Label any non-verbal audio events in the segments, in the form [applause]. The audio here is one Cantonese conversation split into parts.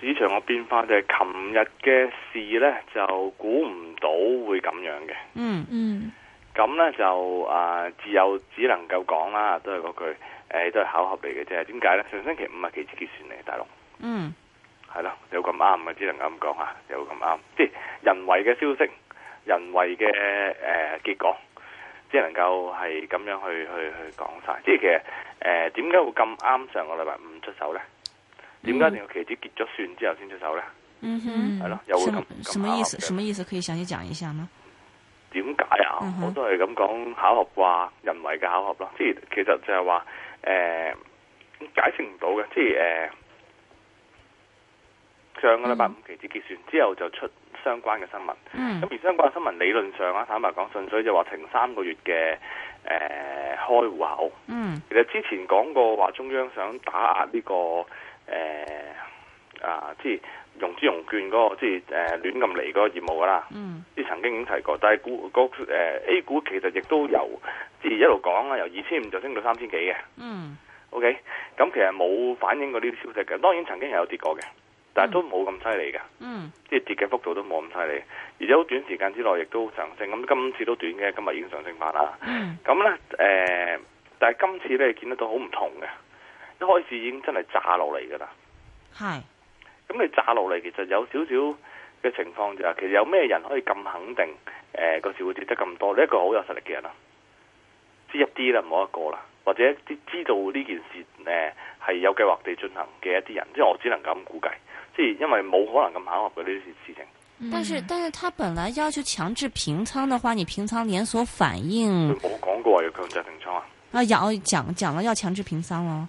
市場嘅變化就係琴日嘅事呢，就估唔到會咁樣嘅。嗯嗯，咁咧就啊，只有只能夠講啦，都係嗰句，誒、呃、都係巧合嚟嘅啫。點解呢？上星期五啊，幾次結算嚟，大龍。嗯，係咯，有咁啱啊，只能咁講嚇，有咁啱，即係人為嘅消息，人為嘅誒、呃、結果，只能夠係咁樣去去去講晒。即係其實誒，點、呃、解會咁啱上個禮拜五出手呢？點解定要期指結咗算之後先出手呢？嗯哼，係咯，又會咁咁巧合嘅。什麼意思？什麼意思？可以詳細講一下嗎？點解啊？我都係咁講，巧合話人為嘅巧合咯。即係其實就係話，誒、呃、解釋唔到嘅。即係誒上個禮拜五期指結算、嗯、之後就出相關嘅新聞。嗯。咁而相關嘅新聞理論上咧，坦白講，純粹就話停三個月嘅誒、呃、開戶口。嗯。其實之前講過話中央想打壓呢、這個。誒，啊，即係融資融券嗰個，即係誒，亂咁嚟嗰個業務噶啦，嗯，即係曾經已經提過，但係股誒 A 股其實亦都由，即係一路講啦，由二千五就升到三千幾嘅，嗯，OK，咁其實冇反映過呢啲消息嘅，當然曾經有跌過嘅，但係都冇咁犀利嘅，嗯，即係跌嘅幅度都冇咁犀利，而且好短時間之內亦都上升，咁今次都短嘅，今日已經上升翻啦，啊，嗯，咁咧誒，但係今次咧見得到好唔同嘅。一開始已經真係炸落嚟噶啦，係咁你炸落嚟，其實有少少嘅情況，其實有咩人可以咁肯定？誒、呃，個市會跌得咁多？你一個好有實力嘅人啦，知一啲啦，冇一個啦，或者知知道呢件事誒係、呃、有計劃地進行嘅一啲人，即、就、係、是、我只能咁估計，即係因為冇可能咁巧合嘅呢啲事情、嗯。但係，但係他本來要求強制平倉嘅話，你平倉連鎖反應冇講過話要強制平倉啊？啊，有講講咗要強制平倉咯、哦。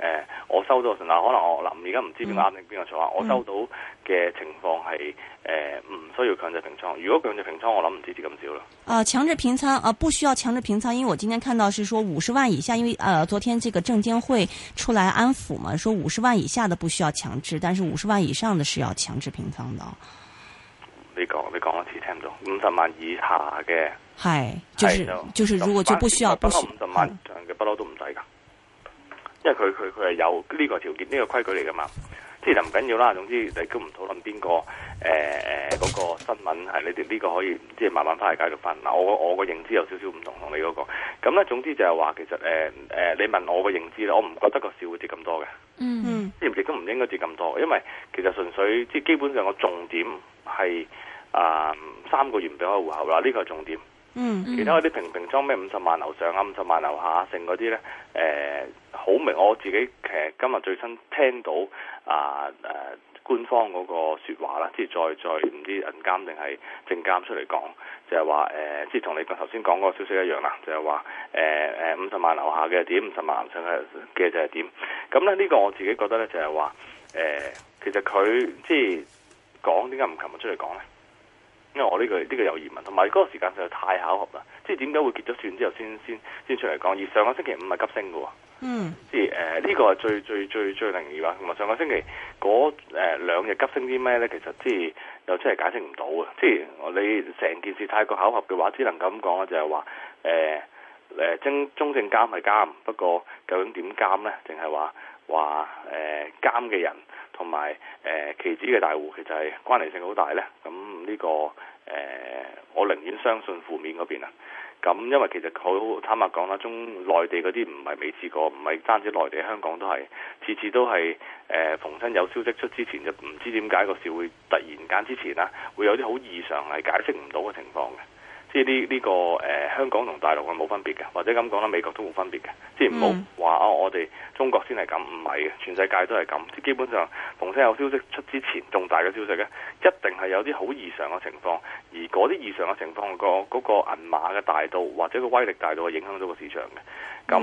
誒、呃，我收到嗱，可能我諗，而家唔知邊個啱定邊個錯啊？我收到嘅情況係誒，唔、呃、需要強制平倉。如果強制平倉，我諗唔止咁少啦。啊、呃，強制平倉啊、呃，不需要強制平倉，因為我今天看到是說五十萬以下，因為啊、呃，昨天這個證監會出來安撫嘛，說五十萬以下的不需要強制，但是五十萬以上的是要強制平倉的。你講你講一次聽唔到，五十萬以下嘅。係，就是，是就，就是，如果就不需要，不需要。不需要因為佢佢佢係有呢個條件呢、這個規矩嚟噶嘛，即係就唔緊要啦。總之你都唔討論邊個誒誒嗰個新聞係你哋呢個可以即係慢慢翻嚟解讀翻。嗱，我我個認知有少少唔同同你嗰、那個，咁、嗯、咧總之就係話其實誒誒、呃呃、你問我個認知啦，我唔覺得個市會跌咁多嘅。嗯嗯，亦都唔應該跌咁多，因為其實純粹即係基本上個重點係啊、呃、三個原本嘅戶口啦，呢、這個係重點。嗯，嗯，其他嗰啲平平裝咩五十萬樓上啊，五十萬樓下那些，剩嗰啲咧，誒，好明我自己其實今日最新聽到啊誒、呃呃，官方嗰個說話啦，即係再再唔知銀監定係證監出嚟講，就係話誒，即係同你頭先講嗰個消息一樣啦，就係話誒誒五十萬樓下嘅點，五十萬樓上嘅嘅就係點，咁咧呢、這個我自己覺得咧就係話誒，其實佢即係講點解唔琴日出嚟講咧？因為我呢個呢個有疑問，同埋嗰個時間實在太巧合啦，即係點解會結咗算之後先先先出嚟講？而上個星期五係急升嘅，嗯，即係誒呢個係最最最最靈異啊！同埋上個星期嗰誒兩日急升啲咩咧？其實即係又真係解釋唔到嘅，即係你成件事太過巧合嘅話，只能咁講啦，就係話誒誒，中性監係監，不過究竟點監咧？淨係話。話誒、呃、監嘅人同埋誒棋子嘅大戶，其實係關聯性好大咧。咁呢、呢個誒、呃，我寧願相信負面嗰邊啊。咁因為其實好坦白講啦，中內地嗰啲唔係未試過，唔係單止內地，香港都係次次都係誒、呃，逢親有消息出之前就唔知點解個事會突然間之前啊，會有啲好異常係解釋唔到嘅情況嘅。即係呢呢個誒、呃、香港同大陸係冇分別嘅，或者咁講啦，美國都冇分別嘅，即唔好話啊！我哋中國先係咁，唔係嘅，全世界都係咁。即係基本上，逢先有消息出之前，重大嘅消息咧，一定係有啲好異常嘅情況，而嗰啲異常嘅情況、嗰個嗰、嗰個銀碼嘅大度或者個威力大度，係影響到個市場嘅。咁誒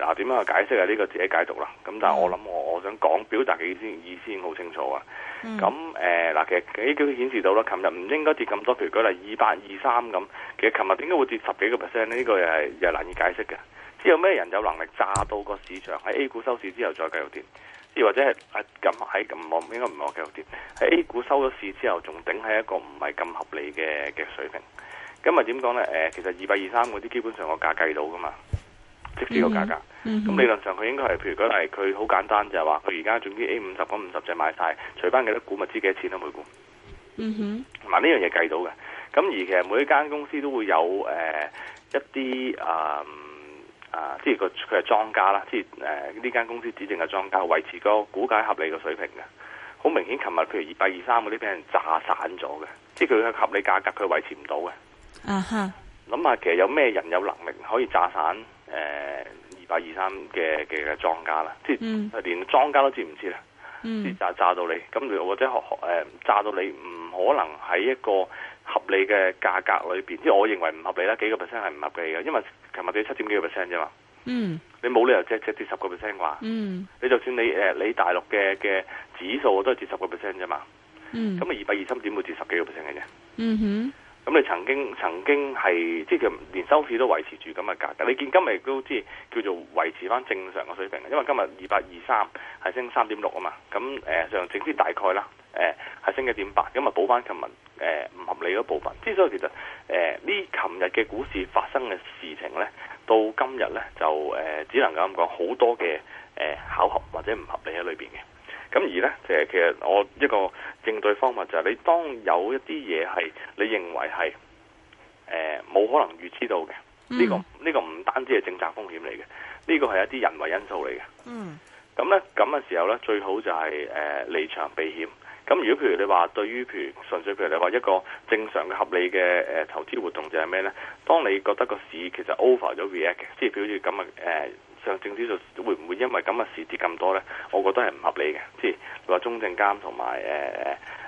嗱，點、呃、樣去解釋啊？呢、呢個自己解讀啦。咁但係我諗、嗯，我我想講表達嘅意思先意思好清楚啊。咁誒嗱，其實 A 股顯示到啦，琴日唔應該跌咁多，譬如舉例二八、二三咁。其實琴日點解會跌十幾個 percent 呢、呢個又係又難以解釋嘅。即有咩人有能力炸到個市場？喺 A 股收市之後再繼續跌，亦或者係係咁喺咁冇應該唔我繼續跌？喺 A 股收咗市之後，仲頂喺一個唔係咁合理嘅嘅水平。咁啊點講咧？誒，其實二百二三嗰啲基本上個價計到噶嘛。即係個價格，咁、嗯嗯、理論上佢應該係，譬如佢係佢好簡單就係話，佢而家總之 A 五十股五十隻買晒，除翻幾多股咪知幾多錢咯、啊、每股。嗯哼，同埋呢樣嘢計到嘅。咁而其實每一間公司都會有誒、呃、一啲啊啊，即係個佢係莊家啦，即係誒呢間公司指定嘅莊家維持個股價合理嘅水平嘅。好明顯，琴日譬如二、二、三嗰啲俾人炸散咗嘅，即係佢係合理價格，佢維持唔到嘅。啊哈，諗下其實有咩人有能力可以炸散？誒二百二三嘅嘅嘅莊家啦，mm. 即係連莊家都知唔知咧？炸、mm. 炸到你，咁或者學誒炸到你，唔可能喺一個合理嘅價格裏邊。即係我認為唔合理啦，幾個 percent 係唔合理嘅，因為琴日跌七點幾個 percent 啫嘛。Mm. 你冇理由即即跌十個 percent 啩？Mm. 你就算你誒你大陸嘅嘅指數都係跌十個 percent 啫嘛。咁啊二百二三點會跌十幾個 percent 嘅啫。Mm-hmm. 咁你曾經曾經係即係連收市都維持住咁嘅價格，你見今日都即係叫做維持翻正常嘅水平，因為今日二百二三係升三點六啊嘛，咁上證就整啲大概啦，係、呃、升一點八，咁啊補翻琴日唔合理嗰部分。之所以其實呢琴日嘅股市發生嘅事情咧，到今日咧就、呃、只能夠咁講，好多嘅誒巧合或者唔合理喺裏面嘅。咁而咧，誒其實我一個應對方法就係你當有一啲嘢係你認為係誒冇可能預知到嘅，呢個呢個唔單止係政策風險嚟嘅，呢個係一啲人為因素嚟嘅。嗯，咁咧咁嘅時候咧，最好就係誒離場避險。咁如果譬如你話對於譬如純粹譬如你話一個正常嘅合理嘅誒投資活動就係咩咧？當你覺得個市其實 over 咗 react 嘅，即係表示咁嘅上證指數會唔會因為咁嘅市跌咁多呢？我覺得係唔合理嘅。即係話中證監同埋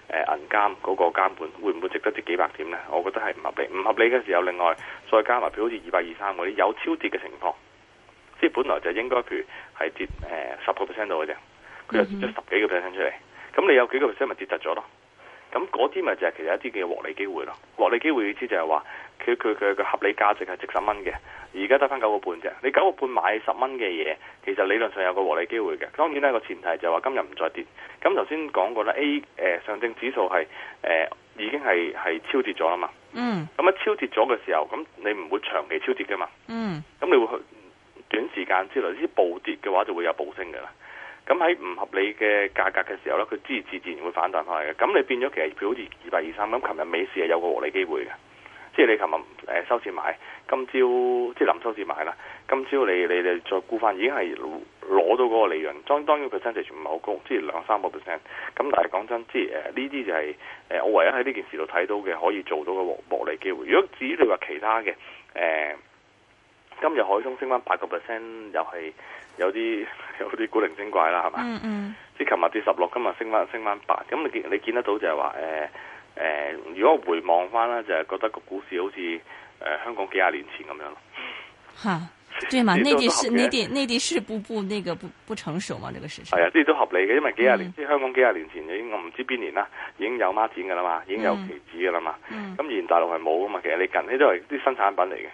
誒誒誒銀監嗰個監管，會唔會值得跌幾百點呢？我覺得係唔合理。唔合理嘅時候，另外再加埋譬如好似二百二三嗰啲有超跌嘅情況，即係本來就應該佢係跌誒十個 percent 度嘅啫，佢又跌咗十幾個 percent 出嚟。咁你有幾個 percent 咪跌突咗咯？咁嗰啲咪就係其實有一啲嘅獲利機會咯。獲利機會意思就係話，佢佢佢佢合理價值係值十蚊嘅，現在而家得翻九個半啫。你九個半買十蚊嘅嘢，其實理論上有個獲利機會嘅。當然咧個前提就係話今日唔再跌。咁頭先講過啦，A 誒上證指數係誒已經係係超跌咗啦嘛。嗯。咁啊超跌咗嘅時候，咁你唔會長期超跌嘅嘛。嗯。咁你會去短時間之內呢啲暴跌嘅話，就會有暴升嘅啦。咁喺唔合理嘅價格嘅時候咧，佢自自自然會反彈開嘅。咁你變咗其實佢好似二百二三咁，琴日美市係有個獲利機會嘅。即係你琴日誒收市買，今朝即係臨收市買啦。今朝你你你再估翻，已經係攞到嗰個利潤。當當然 percent 就唔係好高，即係兩三個 percent。咁但係講真，即係誒呢啲就係、是、誒、呃、我唯一喺呢件事度睇到嘅可以做到嘅獲獲利機會。如果至於你話其他嘅誒、呃，今日海通升翻八個 percent，又係有啲有啲古靈精怪啦，係嘛？嗯、mm-hmm. 嗯。即係琴日跌十六，今日升翻升翻八，咁你見你見得到就係話誒。呃誒、呃，如果我回望翻咧，就係、是、覺得個股市好似誒、呃、香港幾廿年前咁樣咯。吓，對嘛？內地是內地內地不不那個不不成熟嘛？呢、這個事情係啊，呢都合理嘅，因為幾廿年、嗯、即係香港幾廿年前已經我唔知邊年啦，已經有孖展噶啦嘛，已經有期指噶啦嘛。咁、嗯、而大陸係冇噶嘛？其實你近呢都係啲新產品嚟嘅。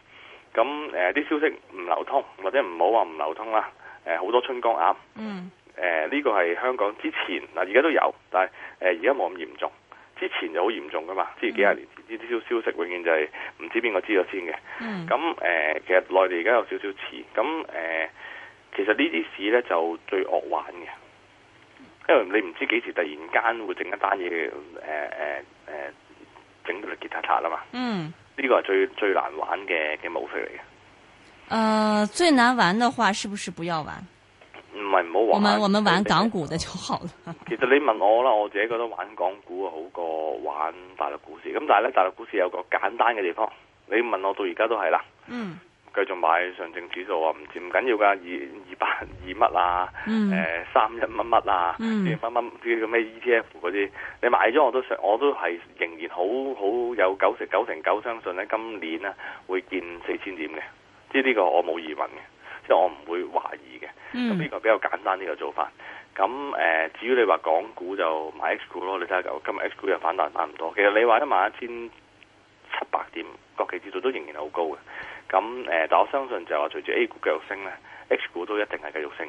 咁誒，啲、呃、消息唔流通或者唔好話唔流通啦。誒、呃，好多春江鴨啊。嗯。誒、呃、呢、這個係香港之前嗱，而、呃、家都有，但係誒而家冇咁嚴重。之前就好嚴重㗎嘛，之前幾廿年呢啲消消息永遠就係唔知邊個知道先嘅。咁、嗯、誒、嗯，其實內地而家有少少似，咁、嗯、誒，其實這呢啲事咧就最惡玩嘅，因為你唔知幾時突然間會整一單嘢誒誒誒整到你結塌塔啊嘛。嗯，呢、這個係最最難玩嘅嘅模式嚟嘅。誒，最難玩嘅、呃、話，是不是不要玩？唔係唔好玩，我們我們玩港股的就好了。 [laughs] 其實你問我啦，我自己覺得玩港股啊好過玩大陸股市。咁但係咧，大陸股市有個簡單嘅地方，你問我到而家都係啦。嗯。繼續買上證指數啊，唔唔緊要噶，二二百二乜啊，誒、嗯呃、三一乜乜啊，啲乜乜啲叫咩 ETF 嗰啲，你買咗我都想，我都係仍然好好有九,九成九成九相信咧，今年咧會見四千點嘅，即係呢個我冇疑問嘅。即 [noise] 我唔會懷疑嘅，咁呢個比較簡單呢個做法。咁誒、呃，至於你話港股就買 X 股咯，你睇下今日 X 股又反彈返唔多。其實你話一萬一千七百點，國企指數都仍然好高嘅。咁誒、呃，但我相信就係隨住 A 股繼續升咧，X 股都一定係繼續升。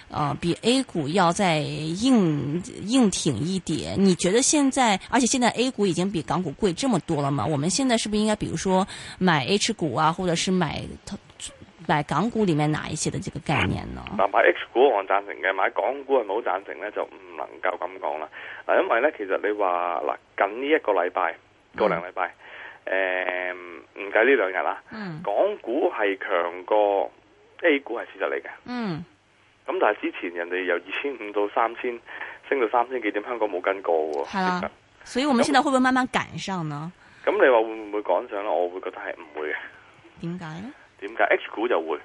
啊、呃，比 A 股要再硬硬挺一點。你覺得現在，而且現在 A 股已經比港股貴這麼多了嘛？我們現在是不是應該，比如說買 H 股啊，或者是買買港股裏面哪一些的這個概念呢？但買 H 股我贊成嘅，買港股唔冇贊成呢，就唔能夠咁講啦。嗱，因為呢，其實你話嗱，近呢一個禮拜，過兩禮拜，誒、嗯，唔計呢兩日啦、嗯，港股係強過 A 股係事實嚟嘅。嗯。咁但係之前人哋由二千五到三千，升到三千幾點，香港冇跟過喎。係 [music] 所以我們現在會唔會慢慢趕上呢？咁你話會唔會趕上咧？我會覺得係唔會嘅。點解咧？點解？H 股就會。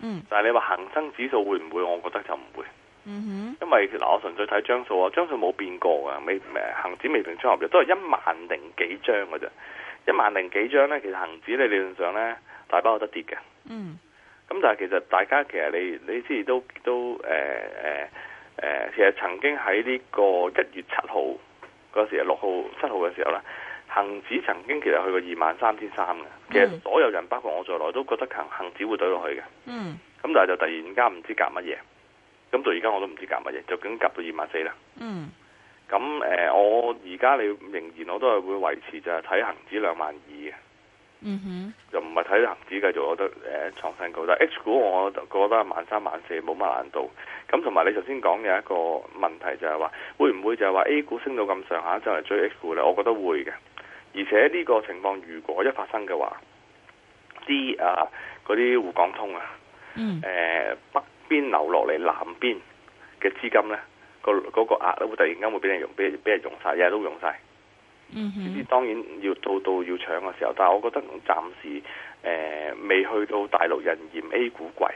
嗯。但係你話恒生指數會唔會？我覺得就唔會。嗯哼。因為嗱，我純粹睇張數啊，張數冇變過啊，未誒恒指未平倉合約都係一萬零幾張嘅啫，一萬零幾張呢？其實恒指你理論上呢，大把有得跌嘅。嗯。咁、嗯、但係其實大家其實你你之前都都誒誒誒，其實曾經喺呢個一月七號嗰時，六號七號嘅時候啦，恒指曾經其實去過二萬三千三嘅，其實所有人包括我在內都覺得恆恆,恆指會對落去嘅。嗯。咁但係就突然間唔知夾乜嘢，咁到而家我都唔知夾乜嘢，就已經夾到二萬四啦、嗯嗯。嗯。咁誒，我而家你仍然我都係會維持就係睇恒指兩萬二嘅。嗯、mm-hmm. 哼，就唔係睇恒指繼續，我覺得誒、呃、創新高。但 H 股我覺得萬三萬四冇乜難度。咁同埋你頭先講嘅一個問題就係話，會唔會就係話 A 股升到咁上下就嚟追 H 股咧？我覺得會嘅。而且呢個情況如果一發生嘅話，啲啊嗰啲滬港通啊，誒、mm-hmm. 呃、北邊流落嚟南邊嘅資金咧，個、那、嗰個額都會突然間會俾人用俾人俾人用曬，日日都用曬。嗯，呢啲當然要到到要搶嘅時候，但係我覺得暫時誒、呃、未去到大陸人嫌 A 股貴，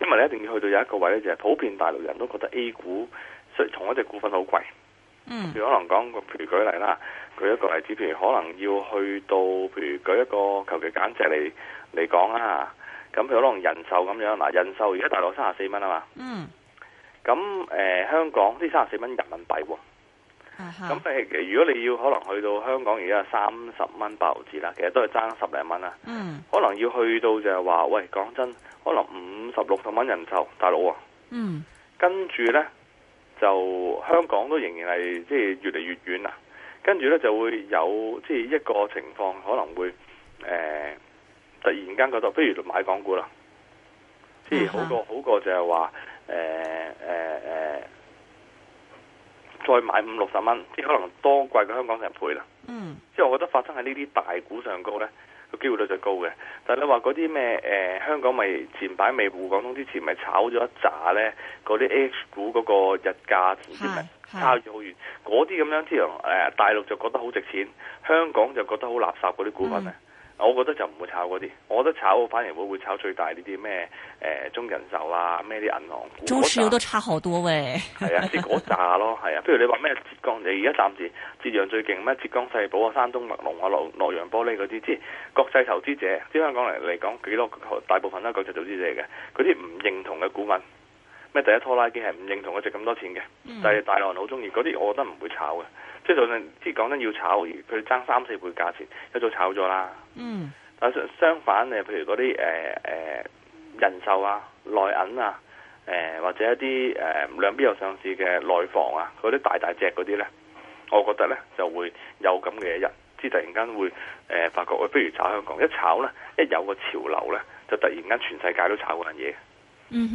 因為你一定要去到有一個位咧，就係普遍大陸人都覺得 A 股所同一隻股份好貴。嗯、mm-hmm.，如可能講，譬如舉例啦，舉一個例子，譬如可能要去到，譬如舉一個求其簡直嚟嚟講啊，咁佢可能人壽咁樣嗱，人壽而家大陸三十四蚊啊嘛，嗯、mm-hmm.，咁、呃、誒香港呢三十四蚊人民幣喎。咁但係如果你要可能去到香港，而家三十蚊八毫子啦，其實都係爭十零蚊啦。嗯，可能要去到就係話，喂，講真，可能五十六十蚊人手大佬啊。嗯，跟住咧就香港都仍然係即係越嚟越遠啊。跟住咧就會有即係一個情況，可能會誒、呃、突然間覺得，不如買港股啦，即、嗯、係好過好過就係話誒誒誒。呃呃呃再買五六十蚊，即係可能多貴嘅香港成倍啦。嗯，即係我覺得發生喺呢啲大股上高咧，個機會率就高嘅。但係你話嗰啲咩誒香港咪前排未滬港通之前咪炒咗一紮咧，嗰啲 A 股嗰個日價唔知差咗好遠。嗰啲咁樣之後誒大陸就覺得好值錢，香港就覺得好垃圾嗰啲股份咧。嗯。我覺得就唔會炒嗰啲，我覺得炒反而我會炒最大呢啲咩誒中人壽啊咩啲銀行股，中石油都差好多喂、欸，係 [laughs] 啊，啲嗰扎咯，係啊。不如你話咩浙江你而家暫時浙江最勁咩？浙江世寶啊，山東麥龍啊，洛洛陽玻璃嗰啲，即係國際投資者，即係香港嚟嚟講幾多大部分都係國際投資者嘅。嗰啲唔認同嘅股份，咩第一拖拉機係唔認同佢值咁多錢嘅，但、嗯、係、就是、大陸人好中意嗰啲，我覺得唔會炒嘅，即係就算即係講緊要炒，佢爭三四倍價錢，一早炒咗啦。嗯，但相反誒，譬如嗰啲誒誒人壽啊、內銀啊，誒、呃、或者一啲誒、呃、兩邊有上市嘅內房啊，嗰啲大大隻嗰啲咧，我覺得咧就會有咁嘅一日，即突然間會誒、呃、發覺誒、呃，不如炒香港，一炒咧，一有個潮流咧，就突然間全世界都炒嗰樣嘢，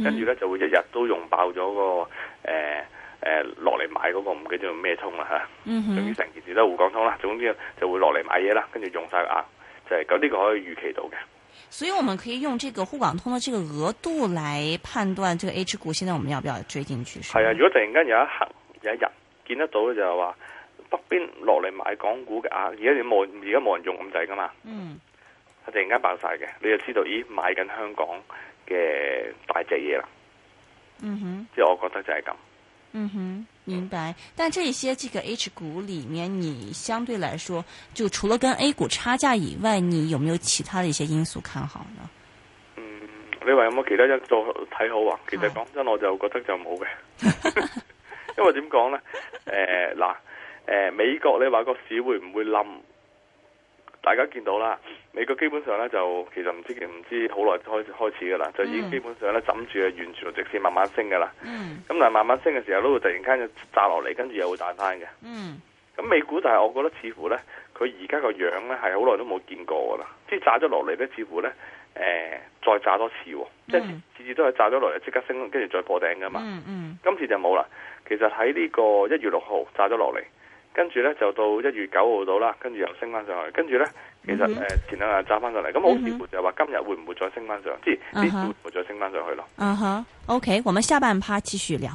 跟住咧就會日日都用爆咗個誒誒落嚟買嗰、嗰個唔記得做咩通啦嚇，嗯哼，總之成件事都係滬港通啦，總之就會落嚟買嘢啦，跟住用晒個額。就係咁，呢個可以預期到嘅，所以我們可以用這個滬港通的這個額度來判斷，這個 H 股現在我們要不要追進去？係啊，如果突然間有一刻有一日見得到就係話北邊落嚟買港股嘅啊，而家你冇而家冇人用咁滯噶嘛，嗯，突然間爆晒嘅，你就知道咦買緊香港嘅大隻嘢啦，嗯哼，即係我覺得就係咁。嗯哼，明白。但這些這個 H 股裏面，你相對來說就除了跟 A 股差價以外，你有沒有其他的一些因素看好呢？嗯，你話有冇其他因素睇好啊？其實講、啊、真，我就覺得就冇嘅， [laughs] [laughs] 因為點講呢？誒、呃，嗱、呃，誒、呃，美國你話個市會唔會冧？大家見到啦，美國基本上咧就其實唔知唔知好耐開開始嘅啦，就已經基本上咧枕住係完全直線慢慢升嘅啦。咁、嗯、但係慢慢升嘅時候，都會突然間就炸落嚟，跟住又會彈返嘅。咁美股就係我覺得似乎咧，佢而家個樣咧係好耐都冇見過㗎啦。即係炸咗落嚟咧，似乎咧、呃、再炸多次喎，即係次次都係炸咗落嚟即刻升，跟住再破頂㗎嘛、嗯嗯。今次就冇啦。其實喺呢個一月六號炸咗落嚟。跟住咧就到一月九號到啦，跟住又升翻上去。跟住咧，其實誒、mm-hmm. 呃、前兩日揸翻上嚟，咁好似乎就話今日會唔會再升翻上，即係會唔會再升翻上去咯。嗯、uh-huh. 哼、uh-huh.，OK，我們下半 part 繼續聊。